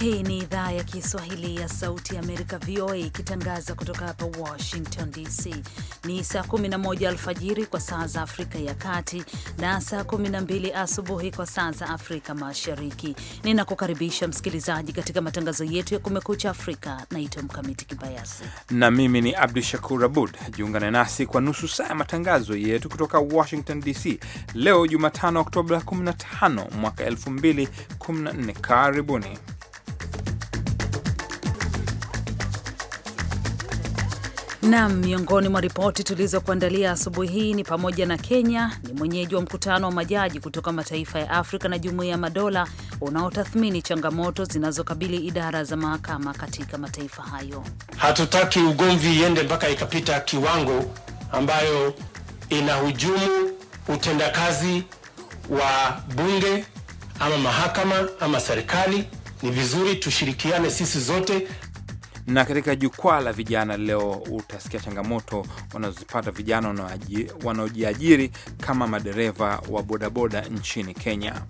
Hii ni idhaa ya Kiswahili ya Sauti ya Amerika, VOA, ikitangaza kutoka hapa Washington DC. Ni saa 11 alfajiri kwa saa za Afrika ya Kati na saa 12 asubuhi kwa saa za Afrika Mashariki. Ninakukaribisha msikilizaji katika matangazo yetu ya Kumekucha Afrika. Naitwa Mkamiti Kibayasi na mimi ni Abdu Shakur Abud. Jiungane nasi kwa nusu saa ya matangazo yetu kutoka Washington DC leo Jumatano, Oktoba 15 mwaka 2014. Karibuni. Nam, miongoni mwa ripoti tulizokuandalia asubuhi hii ni pamoja na Kenya ni mwenyeji wa mkutano wa majaji kutoka mataifa ya Afrika na Jumuiya ya Madola unaotathmini changamoto zinazokabili idara za mahakama katika mataifa hayo. Hatutaki ugomvi iende mpaka ikapita kiwango ambayo inahujumu utendakazi wa bunge ama mahakama ama serikali. Ni vizuri tushirikiane sisi zote na katika jukwaa la vijana leo utasikia changamoto wanazozipata vijana wanaojiajiri kama madereva wa bodaboda nchini Kenya.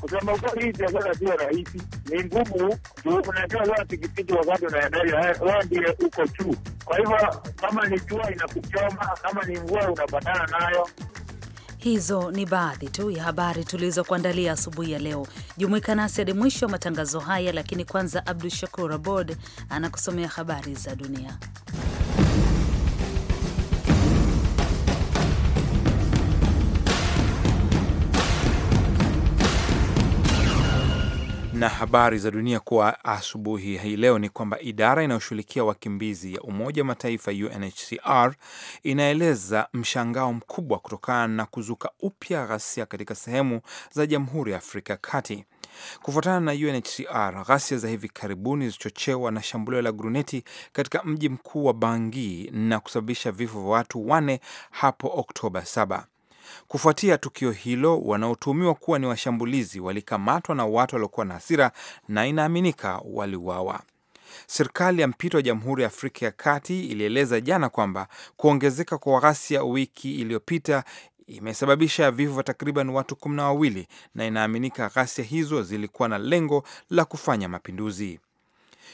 Kusema ukweli, hii biashara sio rahisi, ni ngumu juu unajua wewe pikipiki wakati unaendali wewe ndiye uko juu. Kwa hivyo kama ni jua inakuchoma, kama ni mvua unapatana nayo. Hizo ni baadhi tu ya habari tulizokuandalia asubuhi ya leo. Jumuika nasi hadi mwisho wa matangazo haya, lakini kwanza Abdu Shakur Abod anakusomea habari za dunia. Na habari za dunia kwa asubuhi hii leo ni kwamba idara inayoshughulikia wakimbizi ya Umoja wa Mataifa UNHCR inaeleza mshangao mkubwa kutokana na kuzuka upya ghasia katika sehemu za Jamhuri ya Afrika ya Kati. Kufuatana na UNHCR, ghasia za hivi karibuni zilichochewa na shambulio la gruneti katika mji mkuu wa Bangui na kusababisha vifo vya watu wane hapo Oktoba 7. Kufuatia tukio hilo, wanaotuhumiwa kuwa ni washambulizi walikamatwa na watu waliokuwa na hasira na inaaminika waliuawa. Serikali ya mpito ya Jamhuri ya Afrika ya Kati ilieleza jana kwamba kuongezeka kwa ghasia wiki iliyopita imesababisha vifo vya takriban watu kumi na wawili na inaaminika ghasia hizo zilikuwa na lengo la kufanya mapinduzi.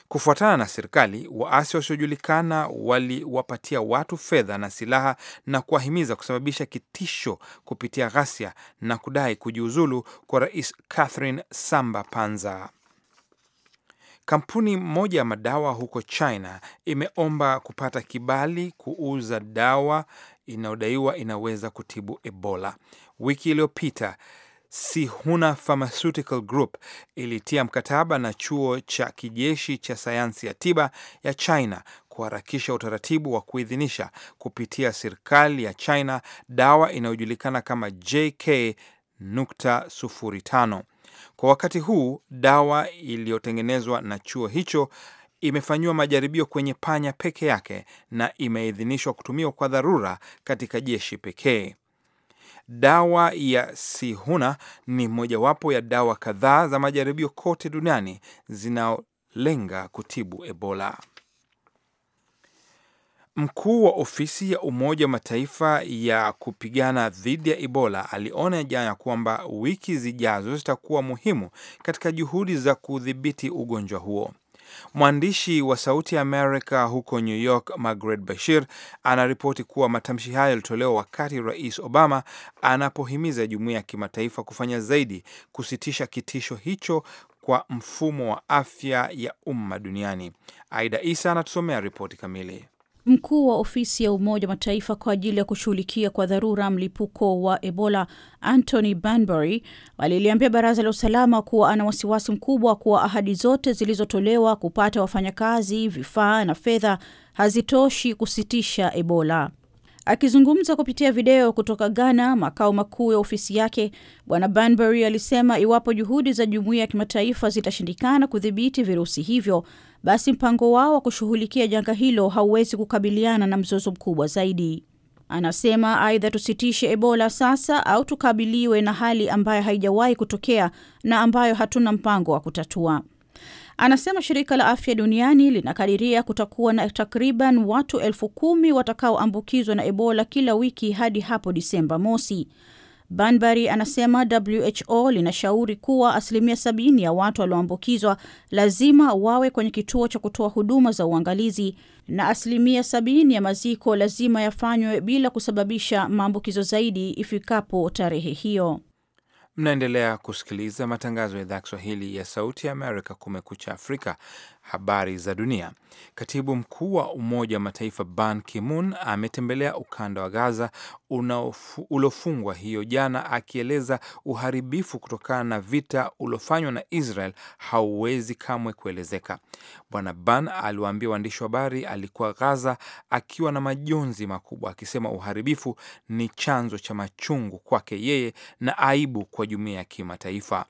Kufuatana na serikali, waasi wasiojulikana waliwapatia watu fedha na silaha na kuwahimiza kusababisha kitisho kupitia ghasia na kudai kujiuzulu kwa Rais Catherine Samba Panza. Kampuni moja ya madawa huko China imeomba kupata kibali kuuza dawa inayodaiwa inaweza kutibu Ebola. Wiki iliyopita Sihuna Pharmaceutical Group ilitia mkataba na chuo cha kijeshi cha sayansi ya tiba ya China kuharakisha utaratibu wa kuidhinisha kupitia serikali ya China dawa inayojulikana kama JK.05. Kwa wakati huu dawa iliyotengenezwa na chuo hicho imefanyiwa majaribio kwenye panya peke yake na imeidhinishwa kutumiwa kwa dharura katika jeshi pekee. Dawa ya sihuna ni mojawapo ya dawa kadhaa za majaribio kote duniani zinaolenga kutibu Ebola. Mkuu wa ofisi ya Umoja wa Mataifa ya kupigana dhidi ya Ebola aliona jana kwamba wiki zijazo zitakuwa muhimu katika juhudi za kudhibiti ugonjwa huo. Mwandishi wa Sauti ya Amerika huko New York, Margaret Bashir, anaripoti kuwa matamshi hayo yalitolewa wakati Rais Obama anapohimiza jumuiya ya kimataifa kufanya zaidi kusitisha kitisho hicho kwa mfumo wa afya ya umma duniani. Aida Isa anatusomea ripoti kamili. Mkuu wa ofisi ya Umoja wa Mataifa kwa ajili ya kushughulikia kwa dharura mlipuko wa Ebola Anthony Banbury aliliambia baraza la usalama kuwa ana wasiwasi mkubwa kuwa ahadi zote zilizotolewa kupata wafanyakazi, vifaa na fedha hazitoshi kusitisha Ebola. Akizungumza kupitia video kutoka Ghana, makao makuu ya ofisi yake, Bwana Banbury alisema iwapo juhudi za jumuiya ya kimataifa zitashindikana kudhibiti virusi hivyo basi mpango wao wa kushughulikia janga hilo hauwezi kukabiliana na mzozo mkubwa zaidi. Anasema aidha tusitishe Ebola sasa au tukabiliwe na hali ambayo haijawahi kutokea na ambayo hatuna mpango wa kutatua. Anasema shirika la afya duniani linakadiria kutakuwa na takriban watu elfu kumi watakaoambukizwa na Ebola kila wiki hadi hapo Disemba mosi banbary anasema WHO linashauri kuwa asilimia sabini ya watu walioambukizwa lazima wawe kwenye kituo cha kutoa huduma za uangalizi na asilimia sabini ya maziko lazima yafanywe bila kusababisha maambukizo zaidi ifikapo tarehe hiyo. Mnaendelea kusikiliza matangazo ya idhaa ya Kiswahili ya Sauti ya Amerika, Kumekucha Afrika habari za dunia. Katibu mkuu wa Umoja wa Mataifa Ban Ki-moon ametembelea ukanda wa Gaza uliofungwa hiyo jana, akieleza uharibifu kutokana na vita uliofanywa na Israel hauwezi kamwe kuelezeka. Bwana Ban aliwaambia waandishi wa habari alikuwa Gaza akiwa na majonzi makubwa, akisema uharibifu ni chanzo cha machungu kwake yeye na aibu kwa jumuiya ya kimataifa.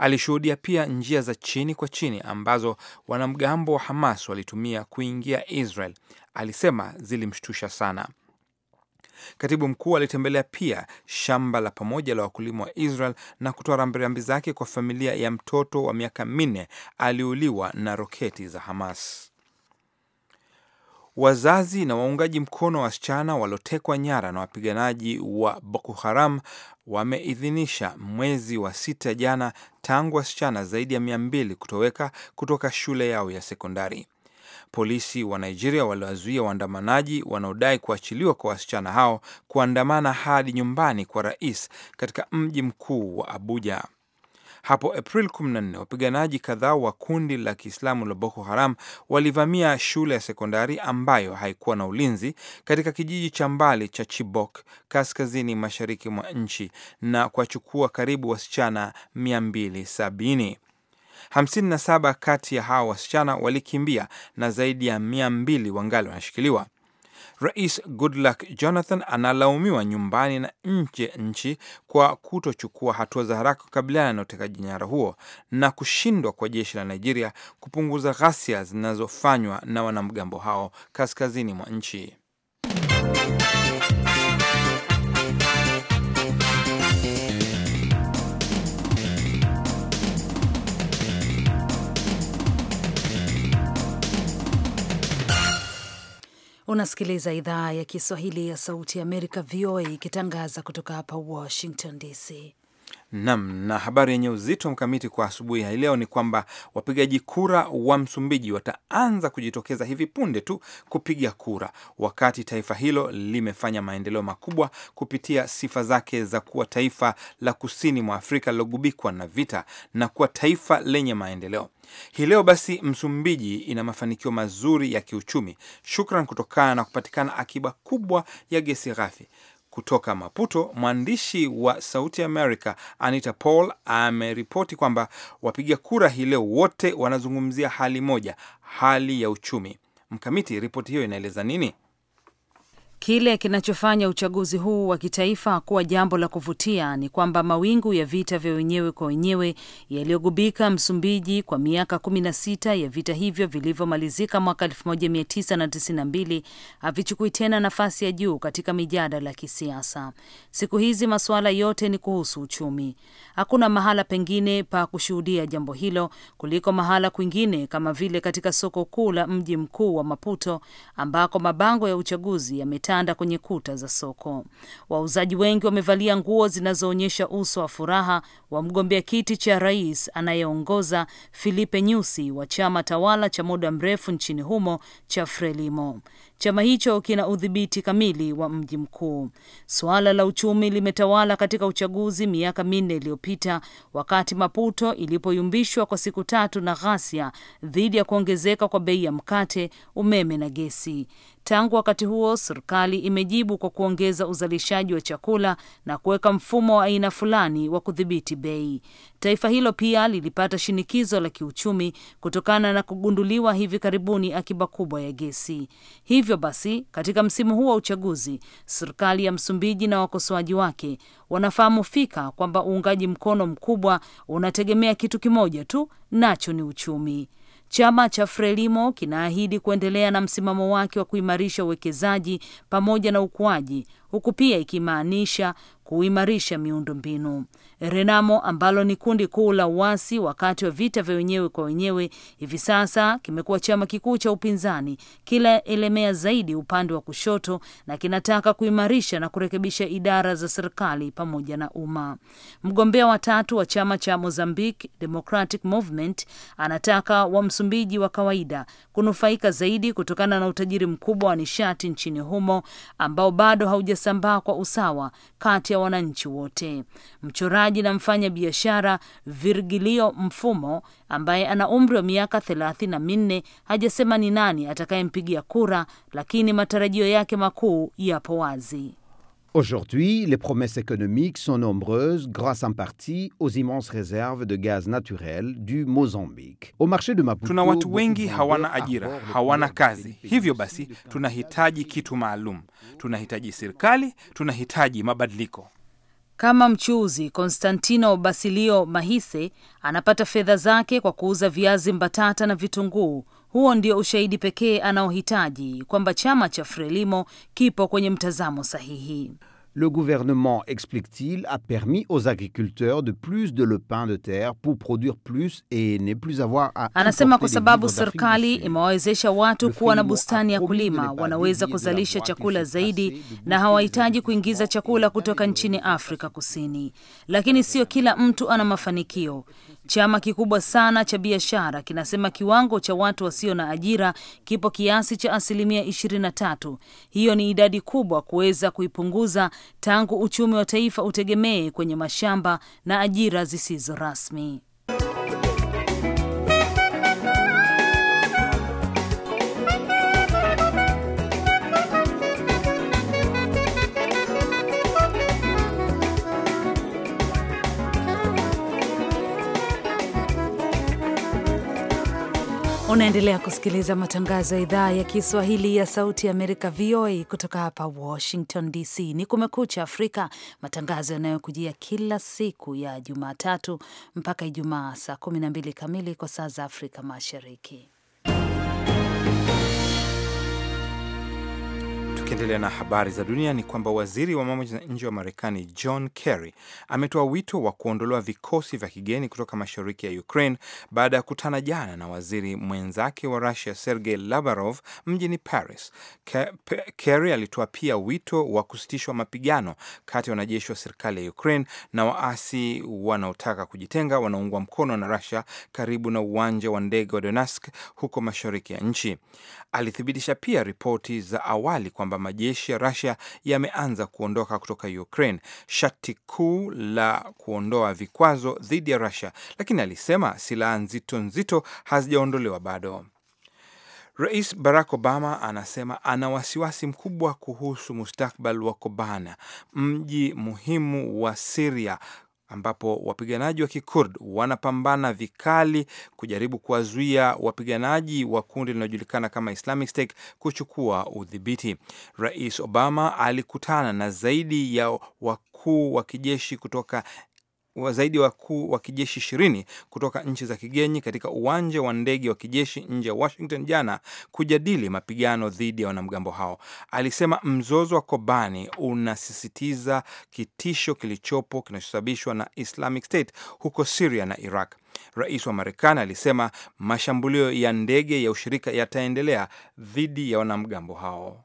Alishuhudia pia njia za chini kwa chini ambazo wanamgambo wa Hamas walitumia kuingia Israel. Alisema zilimshtusha sana. Katibu mkuu alitembelea pia shamba la pamoja la wakulima wa Israel na kutoa rambirambi zake kwa familia ya mtoto wa miaka minne aliuliwa na roketi za Hamas. Wazazi na waungaji mkono wa wasichana waliotekwa nyara na wapiganaji wa Boko Haram wameidhinisha mwezi wa sita jana tangu wasichana zaidi ya mia mbili kutoweka kutoka shule yao ya sekondari. Polisi wa Nigeria waliwazuia waandamanaji wanaodai kuachiliwa kwa wasichana hao kuandamana hadi nyumbani kwa rais katika mji mkuu wa Abuja. Hapo April 14 wapiganaji kadhaa wa kundi la Kiislamu la Boko Haram walivamia shule ya sekondari ambayo haikuwa na ulinzi katika kijiji cha mbali cha Chibok kaskazini mashariki mwa nchi na kuwachukua karibu wasichana 270. 57 kati ya hawa wasichana walikimbia na zaidi ya mbili wangali wanashikiliwa. Rais Goodluck Jonathan analaumiwa nyumbani na nje nchi kwa kutochukua hatua za haraka kukabiliana na utekaji nyara huo na kushindwa kwa jeshi la Nigeria kupunguza ghasia zinazofanywa na wanamgambo hao kaskazini mwa nchi. Unasikiliza idhaa ya Kiswahili ya Sauti ya Amerika, VOA, ikitangaza kutoka hapa Washington DC. Nam na habari yenye uzito mkamiti kwa asubuhi hii leo ni kwamba wapigaji kura wa Msumbiji wataanza kujitokeza hivi punde tu kupiga kura, wakati taifa hilo limefanya maendeleo makubwa kupitia sifa zake za kuwa taifa la kusini mwa Afrika lilogubikwa na vita na kuwa taifa lenye maendeleo. Hii leo basi, Msumbiji ina mafanikio mazuri ya kiuchumi, shukran kutokana na kupatikana akiba kubwa ya gesi ghafi. Kutoka Maputo, mwandishi wa Sauti America Anita Paul ameripoti kwamba wapiga kura hii leo wote wanazungumzia hali moja, hali ya uchumi. Mkamiti, ripoti hiyo inaeleza nini? Kile kinachofanya uchaguzi huu wa kitaifa kuwa jambo la kuvutia ni kwamba mawingu ya vita vya wenyewe kwa wenyewe yaliyogubika Msumbiji kwa miaka 16 ya vita hivyo vilivyomalizika mwaka 1992 havichukui tena nafasi ya juu katika mijadala ya kisiasa. Siku hizi masuala yote ni kuhusu uchumi. Hakuna mahala pengine pa kushuhudia jambo hilo kuliko mahala kwingine kama vile katika soko kuu la mji mkuu wa Maputo ambako mabango ya uchaguzi yame vitanda kwenye kuta za soko. Wauzaji wengi wamevalia nguo zinazoonyesha uso wa furaha wa mgombea kiti cha rais anayeongoza Filipe Nyusi wa chama tawala cha muda mrefu nchini humo cha Frelimo. Chama hicho kina udhibiti kamili wa mji mkuu. Suala la uchumi limetawala katika uchaguzi miaka minne iliyopita, wakati Maputo ilipoyumbishwa kwa siku tatu na ghasia dhidi ya kuongezeka kwa bei ya mkate, umeme na gesi. Tangu wakati huo, serikali imejibu kwa kuongeza uzalishaji wa chakula na kuweka mfumo wa aina fulani wa kudhibiti bei. Taifa hilo pia lilipata shinikizo la kiuchumi kutokana na kugunduliwa hivi karibuni akiba kubwa ya gesi. Hivyo basi, katika msimu huu wa uchaguzi, serikali ya Msumbiji na wakosoaji wake wanafahamu fika kwamba uungaji mkono mkubwa unategemea kitu kimoja tu, nacho ni uchumi. Chama cha Frelimo kinaahidi kuendelea na msimamo wake wa kuimarisha uwekezaji pamoja na ukuaji, huku pia ikimaanisha kuimarisha miundombinu. RENAMO ambalo ni kundi kuu la uasi wakati wa vita vya wenyewe kwa wenyewe, hivi sasa kimekuwa chama kikuu cha upinzani, kila elemea zaidi upande wa kushoto, na kinataka kuimarisha na kurekebisha idara za serikali pamoja na umma. Mgombea wa tatu wa chama cha Mozambique Democratic Movement anataka wa Msumbiji wa kawaida kunufaika zaidi kutokana na utajiri mkubwa wa nishati nchini humo ambao bado haujasambaa kwa usawa kati ya wananchi wote. Mchoraji na mfanya biashara Virgilio Mfumo ambaye ana umri wa miaka thelathini na minne hajasema ni nani atakayempigia kura, lakini matarajio yake makuu yapo wazi. Aujourd'hui, les promesses économiques sont nombreuses grâce en partie aux immenses réserves de gaz naturel du Mozambique. Au marché de Maputo, tuna watu wengi hawana ajira, hawana kazi. Hivyo basi tunahitaji kitu maalum. Tunahitaji serikali, tunahitaji mabadiliko. Kama mchuuzi Konstantino Basilio Mahise anapata fedha zake kwa kuuza viazi mbatata na vitunguu huo ndio ushahidi pekee anaohitaji kwamba chama cha Frelimo kipo kwenye mtazamo sahihi. Le gouvernement, explique-t-il, a permis aux agriculteurs de plus de le pain de terre pour produire plus et ne plus avoir à Anasema kwa sababu serikali imewawezesha watu kuwa na bustani ya kulima, wanaweza kuzalisha chakula zaidi na hawahitaji kuingiza chakula kutoka nchini Afrika Kusini. Lakini sio kila mtu ana mafanikio. Chama kikubwa sana cha biashara kinasema kiwango cha watu wasio na ajira kipo kiasi cha asilimia 23. Hiyo ni idadi kubwa kuweza kuipunguza tangu uchumi wa taifa utegemee kwenye mashamba na ajira zisizo rasmi. Unaendelea kusikiliza matangazo ya idhaa ya Kiswahili ya Sauti ya Amerika, VOA, kutoka hapa Washington DC. Ni Kumekucha Afrika, matangazo yanayokujia kila siku ya Jumatatu mpaka Ijumaa saa 12 kamili kwa saa za Afrika Mashariki. Tukiendelea na habari za dunia ni kwamba waziri wa mambo ya nje wa Marekani John Kerry ametoa wito wa kuondolewa vikosi vya kigeni kutoka mashariki ya Ukraine baada ya kutana jana na waziri mwenzake wa Russia Sergei Lavarov mjini Paris. Kerry alitoa pia wito wa kusitishwa mapigano kati ya wanajeshi wa serikali ya Ukraine na waasi wanaotaka kujitenga wanaungwa mkono na Russia karibu na uwanja wa ndege wa Donetsk huko mashariki ya nchi. Alithibitisha pia ripoti za awali kwamba majeshi ya rasia yameanza kuondoka kutoka Ukraine, sharti kuu la kuondoa vikwazo dhidi ya rasia lakini alisema silaha nzito nzito hazijaondolewa bado. Rais Barack Obama anasema ana wasiwasi mkubwa kuhusu mustakbal wa Kobana, mji muhimu wa Siria ambapo wapiganaji wa Kikurd wanapambana vikali kujaribu kuwazuia wapiganaji wa kundi linalojulikana kama Islamic State kuchukua udhibiti. Rais Obama alikutana na zaidi ya wakuu wa kijeshi kutoka zaidi wakuu wa kijeshi ishirini kutoka nchi za kigeni katika uwanja wa ndege wa kijeshi nje ya Washington jana kujadili mapigano dhidi ya wanamgambo hao. Alisema mzozo wa Kobani unasisitiza kitisho kilichopo kinachosababishwa na Islamic State huko Syria na Iraq. Rais wa Marekani alisema mashambulio ya ndege ya ushirika yataendelea dhidi ya wanamgambo hao.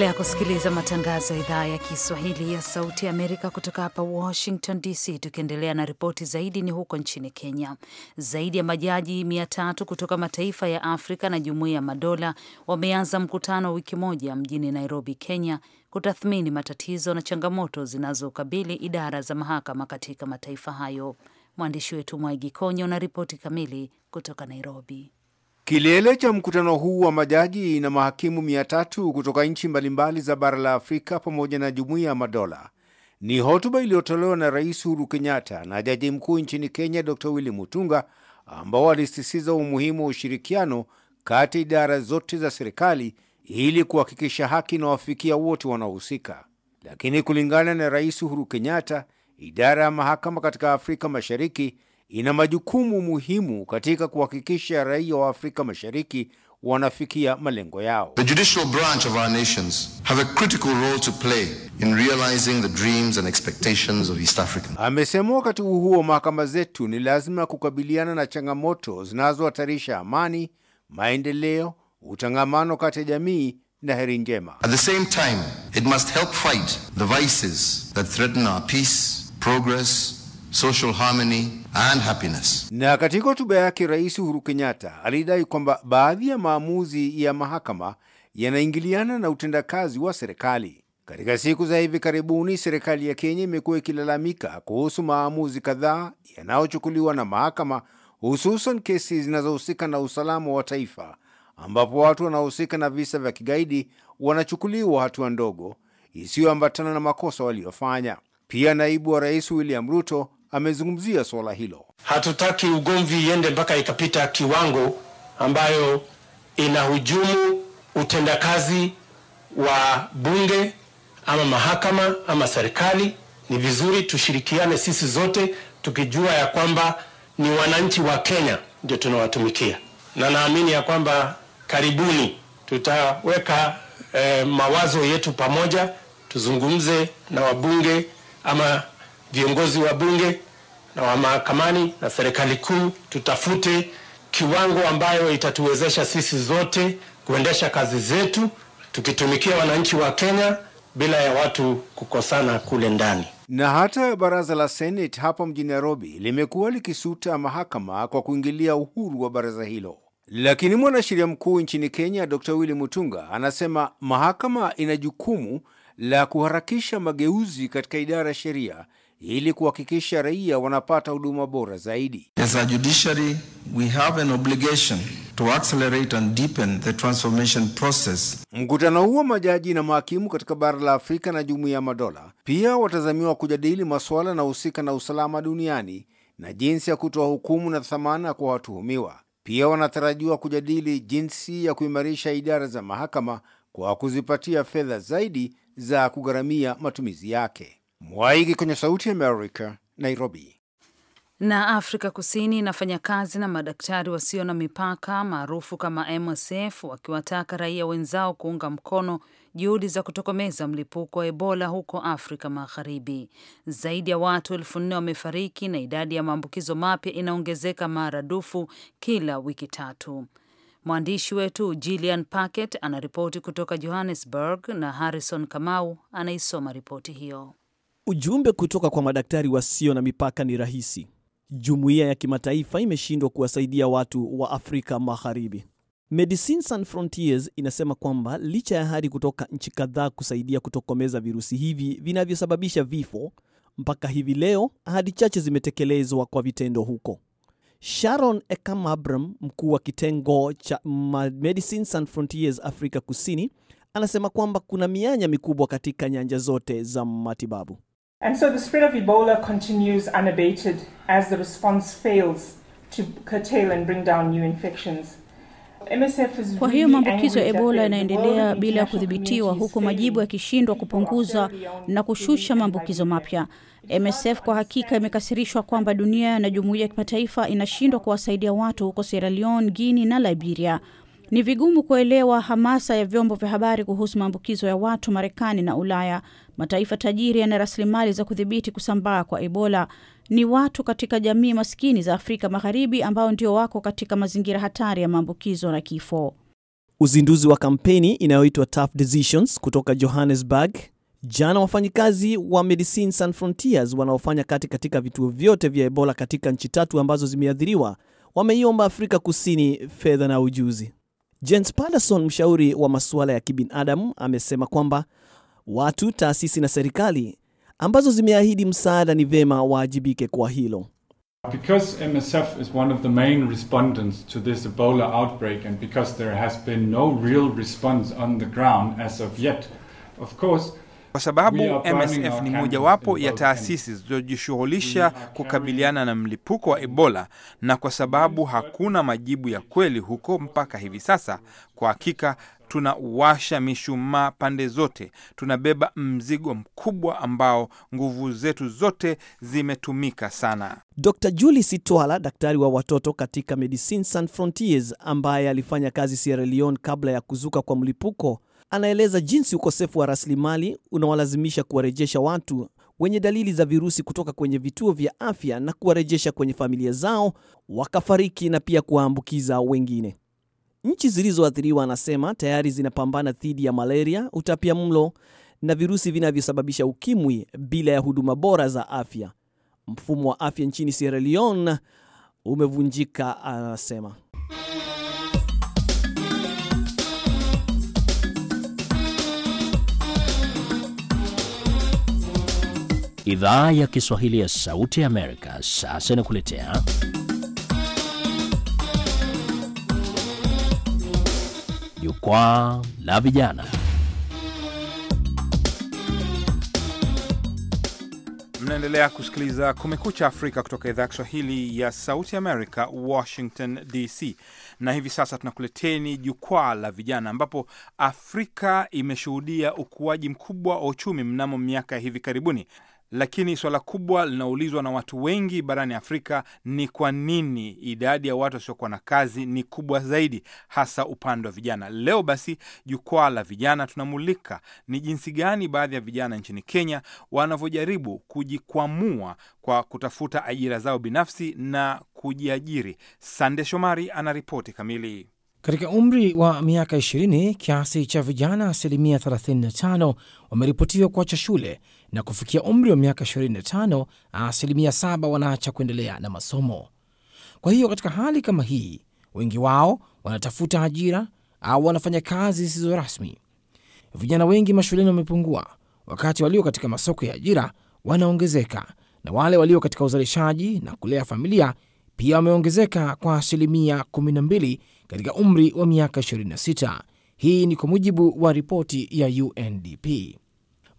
Unaendelea kusikiliza matangazo ya idhaa ya Kiswahili ya Sauti ya Amerika kutoka hapa Washington DC. Tukiendelea na ripoti zaidi, ni huko nchini Kenya. Zaidi ya majaji mia tatu kutoka mataifa ya Afrika na Jumuiya ya Madola wameanza mkutano wa wiki moja mjini Nairobi, Kenya, kutathmini matatizo na changamoto zinazokabili idara za mahakama katika mataifa hayo. Mwandishi wetu Mwaigi Konyo na ripoti kamili kutoka Nairobi. Kilele cha mkutano huu wa majaji na mahakimu mia tatu kutoka nchi mbalimbali za bara la Afrika pamoja na jumuiya ya madola ni hotuba iliyotolewa na Rais Uhuru Kenyatta na jaji mkuu nchini Kenya Dr Willy Mutunga, ambao walisisitiza umuhimu wa ushirikiano kati ya idara zote za serikali ili kuhakikisha haki inawafikia wote wanaohusika. Lakini kulingana na Rais Uhuru Kenyatta, idara ya mahakama katika Afrika Mashariki ina majukumu muhimu katika kuhakikisha raia wa Afrika Mashariki wanafikia malengo yao. The judicial branch of our nations have a critical role to play in realizing the dreams and expectations of East Africans. Amesema wakati huo mahakama zetu ni lazima kukabiliana na changamoto zinazohatarisha amani, maendeleo, utangamano kati ya jamii na heri njema. At the same time, it must help fight the vices that threaten our peace, progress social harmony and happiness. Na katika hotuba yake Rais Uhuru Kenyatta alidai kwamba baadhi ya maamuzi ya mahakama yanaingiliana na utendakazi wa serikali. Katika siku za hivi karibuni, serikali ya Kenya imekuwa ikilalamika kuhusu maamuzi kadhaa yanayochukuliwa na mahakama, hususan kesi zinazohusika na usalama wa taifa, ambapo watu wanaohusika na visa vya kigaidi wanachukuliwa hatua ndogo isiyoambatana na makosa waliofanya. Pia naibu wa rais William Ruto amezungumzia suala hilo. Hatutaki ugomvi iende mpaka ikapita kiwango ambayo inahujumu utendakazi wa bunge ama mahakama ama serikali. Ni vizuri tushirikiane sisi zote tukijua ya kwamba ni wananchi wa Kenya ndio tunawatumikia, na naamini ya kwamba karibuni tutaweka eh, mawazo yetu pamoja, tuzungumze na wabunge ama viongozi wa bunge na wa mahakamani na serikali kuu tutafute kiwango ambayo itatuwezesha sisi zote kuendesha kazi zetu tukitumikia wananchi wa Kenya bila ya watu kukosana kule ndani. Na hata baraza la Senate hapo mjini Nairobi limekuwa likisuta mahakama kwa kuingilia uhuru wa baraza hilo. Lakini mwanasheria mkuu nchini Kenya Dr. Willy Mutunga anasema mahakama ina jukumu la kuharakisha mageuzi katika idara ya sheria ili kuhakikisha raia wanapata huduma bora zaidi. As a judiciary, we have an obligation to accelerate and deepen the transformation process. Mkutano huo majaji na mahakimu katika bara la Afrika na Jumuiya ya Madola pia watazamiwa kujadili masuala yanahusika na usalama duniani na jinsi ya kutoa hukumu na thamana kwa watuhumiwa. Pia wanatarajiwa kujadili jinsi ya kuimarisha idara za mahakama kwa kuzipatia fedha zaidi za kugharamia matumizi yake. Mwaigi kwenye Sauti ya Amerika, Nairobi. Na Afrika Kusini inafanya kazi na madaktari wasio na mipaka maarufu kama MSF wakiwataka raia wenzao kuunga mkono juhudi za kutokomeza mlipuko wa Ebola huko Afrika Magharibi. Zaidi ya watu elfu nne wamefariki na idadi ya maambukizo mapya inaongezeka maradufu kila wiki tatu. Mwandishi wetu Gillian Packet anaripoti kutoka Johannesburg na Harrison Kamau anaisoma ripoti hiyo. Ujumbe kutoka kwa Madaktari Wasio na Mipaka ni rahisi. Jumuiya ya kimataifa imeshindwa kuwasaidia watu wa Afrika Magharibi. medicine san frontiers inasema kwamba licha ya ahadi kutoka nchi kadhaa kusaidia kutokomeza virusi hivi vinavyosababisha vifo, mpaka hivi leo ahadi chache zimetekelezwa kwa vitendo huko. Sharon Ekamabram, mkuu wa kitengo cha medicine san frontiers Afrika Kusini, anasema kwamba kuna mianya mikubwa katika nyanja zote za matibabu. And so the spread of Ebola continues unabated as the response fails to curtail and bring down new infections. Kwa hiyo maambukizo ya Ebola yanaendelea bila ya kudhibitiwa huku majibu yakishindwa kupunguza na kushusha maambukizo mapya. MSF kwa hakika imekasirishwa kwamba dunia na jumuiya ya kimataifa inashindwa kuwasaidia watu huko Sierra Leone, Guinea na Liberia. Ni vigumu kuelewa hamasa ya vyombo vya habari kuhusu maambukizo ya watu Marekani na Ulaya, mataifa tajiri yana rasilimali za kudhibiti kusambaa kwa Ebola. Ni watu katika jamii maskini za Afrika Magharibi ambao ndio wako katika mazingira hatari ya maambukizo na kifo. Uzinduzi wa kampeni inayoitwa Tough Decisions kutoka Johannesburg jana, wafanyikazi wa medicine san frontiers wanaofanya kati katika vituo vyote vya Ebola katika nchi tatu ambazo zimeathiriwa wameiomba Afrika Kusini fedha na ujuzi. James Patterson, mshauri wa masuala ya kibinadamu, amesema kwamba watu, taasisi na serikali ambazo zimeahidi msaada ni vema waajibike kwa hilo. Because MSF is one of the main respondents to this Ebola outbreak and because there has been no real response on the ground as of yet, of course kwa sababu MSF ni mojawapo ya taasisi zilizojishughulisha kukabiliana na mlipuko wa Ebola, na kwa sababu hakuna majibu ya kweli huko mpaka hivi sasa, kwa hakika tunawasha mishumaa pande zote, tunabeba mzigo mkubwa ambao nguvu zetu zote zimetumika sana. Dr Julie Sitwala, daktari wa watoto katika Medicine Sans Frontieres ambaye alifanya kazi Sierra Leone kabla ya kuzuka kwa mlipuko Anaeleza jinsi ukosefu wa rasilimali unawalazimisha kuwarejesha watu wenye dalili za virusi kutoka kwenye vituo vya afya na kuwarejesha kwenye familia zao wakafariki na pia kuwaambukiza wengine. Nchi zilizoathiriwa, anasema, tayari zinapambana dhidi ya malaria, mlo na virusi vinavyosababisha ukimwi bila ya huduma bora za afya. Mfumo wa afya nchini Sierra leon umevunjika, anasema. Idhaa ya Kiswahili ya Sauti ya Amerika sasa inakuletea Jukwaa la Vijana. Mnaendelea kusikiliza Kumekucha Afrika kutoka idhaa ya Kiswahili ya Sauti Amerika, Washington DC. Na hivi sasa tunakuleteni Jukwaa la Vijana, ambapo Afrika imeshuhudia ukuaji mkubwa wa uchumi mnamo miaka ya hivi karibuni, lakini swala kubwa linaulizwa na watu wengi barani Afrika ni kwa nini idadi ya watu wasiokuwa na kazi ni kubwa zaidi, hasa upande wa vijana. Leo basi, jukwaa la vijana, tunamulika ni jinsi gani baadhi ya vijana nchini Kenya wanavyojaribu kujikwamua kwa kutafuta ajira zao binafsi na kujiajiri. Sande Shomari anaripoti kamili. Katika umri wa miaka 20 kiasi cha vijana asilimia 35 wameripotiwa kuacha shule na kufikia umri wa miaka 25 asilimia 7 wanaacha kuendelea na masomo. Kwa hiyo katika hali kama hii, wengi wao wanatafuta ajira au wanafanya kazi zisizo rasmi. Vijana wengi mashuleni wamepungua, wakati walio katika masoko ya ajira wanaongezeka, na wale walio katika uzalishaji na kulea familia pia wameongezeka kwa asilimia 12 katika umri wa miaka 26. Hii ni kwa mujibu wa ripoti ya UNDP.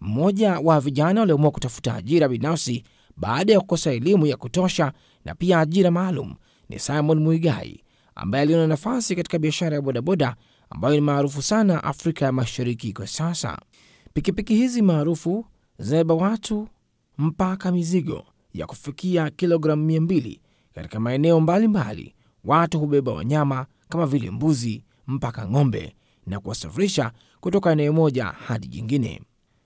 Mmoja wa vijana walioamua kutafuta ajira binafsi baada ya kukosa elimu ya kutosha na pia ajira maalum ni Simon Muigai ambaye aliona nafasi katika biashara ya bodaboda ambayo ni maarufu sana Afrika ya Mashariki kwa sasa. Pikipiki hizi maarufu zinabeba watu mpaka mizigo ya kufikia kilogramu mia mbili katika maeneo mbalimbali. Watu hubeba wanyama, kama vile mbuzi mpaka ng'ombe na kuwasafirisha kutoka eneo moja hadi jingine.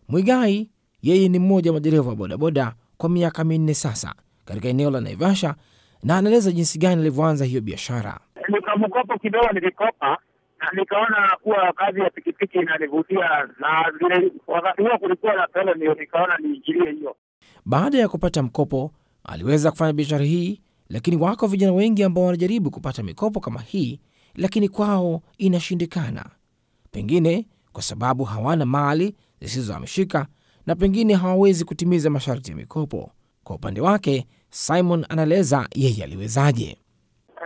Mwigai yeye ni mmoja wa madereva wa bodaboda kwa miaka minne sasa katika eneo la Naivasha, na anaeleza jinsi gani alivyoanza hiyo biashara. Nikamkopo kidogo, nilikopa na nikaona kuwa kazi ya pikipiki inanivutia, na vile wakati huo kulikuwa na pelo, nikaona niingilie hiyo. Baada ya kupata mkopo, aliweza kufanya biashara hii, lakini wako vijana wengi ambao wanajaribu kupata mikopo kama hii lakini kwao inashindikana, pengine kwa sababu hawana mali zisizohamishika na pengine hawawezi kutimiza masharti ya mikopo. Kwa upande wake, Simon anaeleza yeye aliwezaje.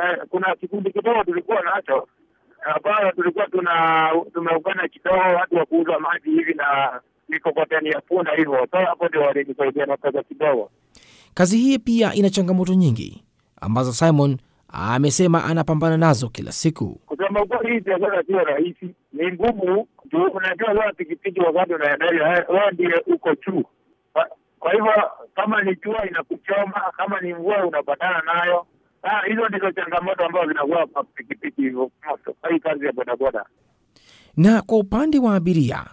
Eh, kuna kikundi kidogo tulikuwa nacho ambayo tulikuwa tuna tumeungana kidogo, watu wa kuuza maji hivi na mikokoteni ya punda hivyo. Sasa hapo ndio walinisaidia na pesa kidogo. Kazi hii pia ina changamoto nyingi ambazo Simon amesema anapambana nazo kila siku. Kusema ukweli, hii biashara sio rahisi, ni ngumu juu unajua wewe pikipiki, wakati unaendelea wewe ndiye uko juu. Kwa hivyo kama ni jua inakuchoma, kama ni mvua unapatana nayo. Ah, hizo ndizo changamoto ambazo zinakuwa kwa pikipiki hivyo hii kazi ya bodaboda. Na kwa upande wa abiria,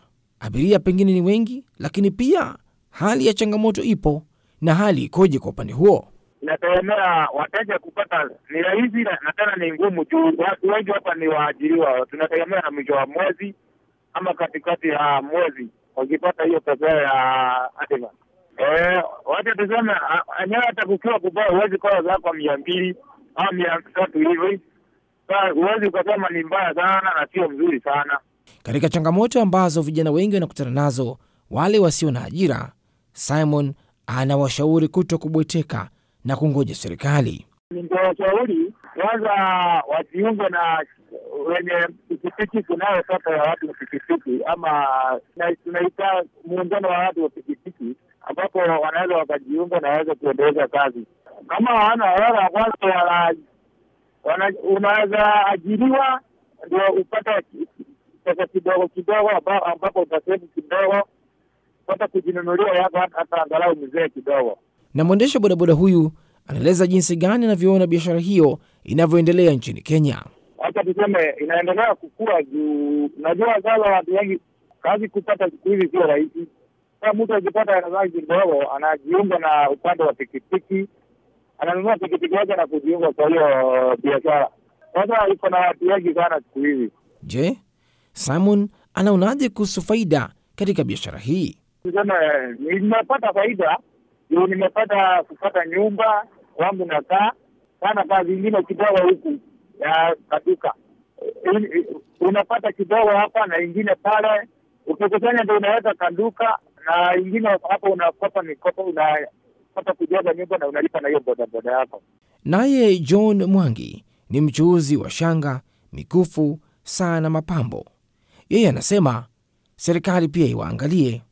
abiria pengine ni wengi, lakini pia hali ya changamoto ipo. Na hali ikoje kwa upande huo? inategemea wateja kupata ni rahisi na tena ni ngumu, juu watu wengi hapa ni waajiriwa. Tunategemea na mwisho wa mwezi ama katikati ya mwezi wakipata hiyo pesa ya advance. Eh, wacha tuseme enyewe, hata kukiwa kubaya huwezi koa zako mia mbili au mia tatu hivi, huwezi ukasema ni mbaya sana na sio mzuri sana. Katika changamoto ambazo vijana wengi wanakutana nazo, wale wasio na ajira, Simon anawashauri kuto kubweteka na kungoja serikali. Ningewashauri kwanza wajiunge na wenye pikipiki. Kunayo sasa ya watu wa pikipiki, ama tunaita muungano wa watu wa pikipiki, ambapo wanaweza wakajiunga na waweze kuendeleza kazi. Kama hawana hela kwanza, unaweza ajiriwa ndio upata pesa kidogo kidogo, ambapo utasehemu kidogo, pata kujinunulia yako hata angalau mzee kidogo na mwendesha bodaboda huyu anaeleza jinsi gani anavyoona biashara hiyo inavyoendelea nchini Kenya. hata tuseme inaendelea kukua juu, najua sasa watu wengi kazi kupata siku hizi sio rahisi. Saa mtu akipata hela zake kidogo, anajiunga na upande wa pikipiki, ananunua pikipiki yake na kujiunga kwa hiyo biashara. Sasa iko na watu wengi sana siku hizi. Je, Simon anaonaje kuhusu faida katika biashara hii? Tuseme nimepata faida ndio nimepata kupata nyumba na nakaa sana, kaa zingine kidogo huku ya kaduka e, e, unapata kidogo hapa na ingine pale, ukikusanya ndio unaweza kaduka na ingine hapo unakopa mikopo, unapata kujaza nyumba na unalipa na hiyo bodaboda yako. Naye John Mwangi ni mchuuzi wa shanga, mikufu, saa na mapambo. Yeye anasema serikali pia iwaangalie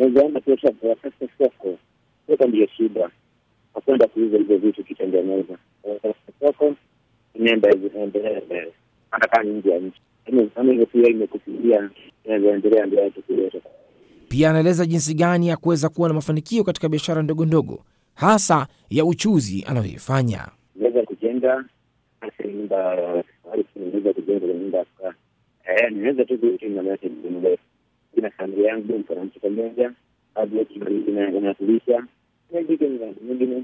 hawajaenda soko. Soko shida, kuuza vitu soko, mbele, hata nje ya nchi yaani, kama hivyo, pia imekufikia ndio kuleta. Pia anaeleza jinsi gani ya kuweza kuwa na mafanikio katika biashara ndogo ndogo, hasa ya uchuzi anayoifanya. Niweza kujenga nyumba, eh, kujenga nyumba, niweza tu kuishi na nibaki na familia yangu mkaramsi pamoja, kazi inatulisha nyingine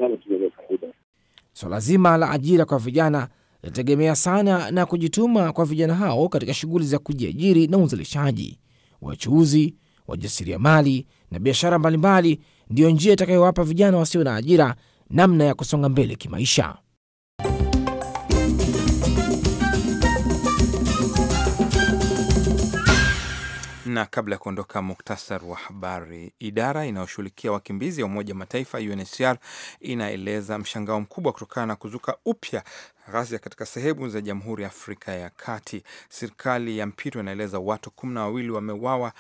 kama zima la ajira kwa vijana linategemea sana na kujituma kwa vijana hao katika shughuli za kujiajiri na uzalishaji. Wachuuzi, wajasiriamali na biashara mbalimbali ndiyo njia itakayowapa vijana wasio na ajira namna ya kusonga mbele kimaisha. Na kabla ya kuondoka, muktasar wa habari. Idara inayoshughulikia wakimbizi ya Umoja Mataifa UNHCR inaeleza mshangao mkubwa kutokana na kuzuka upya ghasia katika sehemu za Jamhuri ya Afrika ya Kati. Serikali ya mpito inaeleza watu kumi na wawili wamewawa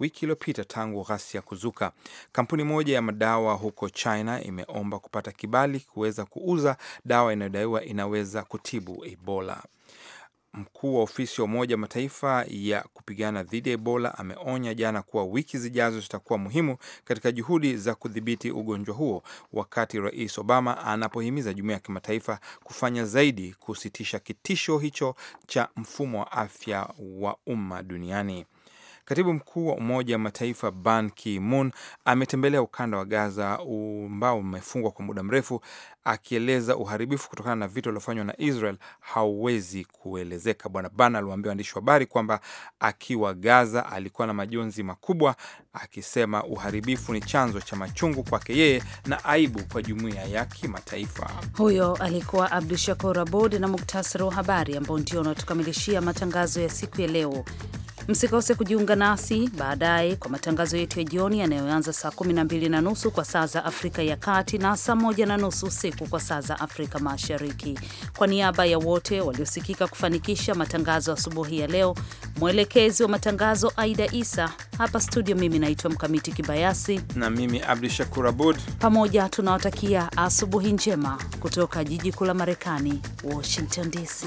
wiki iliyopita tangu ghasia kuzuka. Kampuni moja ya madawa huko China imeomba kupata kibali kuweza kuuza dawa inayodaiwa inaweza kutibu Ebola. Mkuu wa ofisi ya Umoja Mataifa ya kupigana dhidi ya Ebola ameonya jana kuwa wiki zijazo zitakuwa muhimu katika juhudi za kudhibiti ugonjwa huo, wakati Rais Obama anapohimiza jumuiya ya kimataifa kufanya zaidi kusitisha kitisho hicho cha mfumo wa afya wa umma duniani. Katibu mkuu wa Umoja wa Mataifa Ban Ki-moon ametembelea ukanda wa Gaza ambao umefungwa kwa muda mrefu, akieleza uharibifu kutokana na vita vilivyofanywa na Israel hauwezi kuelezeka. Bwana Ban aliwaambia waandishi wa habari kwamba akiwa Gaza alikuwa na majonzi makubwa, akisema uharibifu ni chanzo cha machungu kwake yeye na aibu kwa jumuiya ya kimataifa. Huyo alikuwa Abdu Shakur Abud na muktasari wa habari ambao ndio unatukamilishia matangazo ya siku ya leo. Msikose kujiunga nasi baadaye kwa matangazo yetu ya jioni yanayoanza saa 12 na nusu kwa saa za Afrika ya Kati na saa 1 na nusu usiku kwa saa za Afrika Mashariki. Kwa niaba ya wote waliosikika kufanikisha matangazo asubuhi ya leo, mwelekezi wa matangazo Aida Isa hapa studio, mimi naitwa Mkamiti Kibayasi na mimi Abdu Shakur Abud, pamoja tunawatakia asubuhi njema kutoka jiji kuu la Marekani, Washington DC.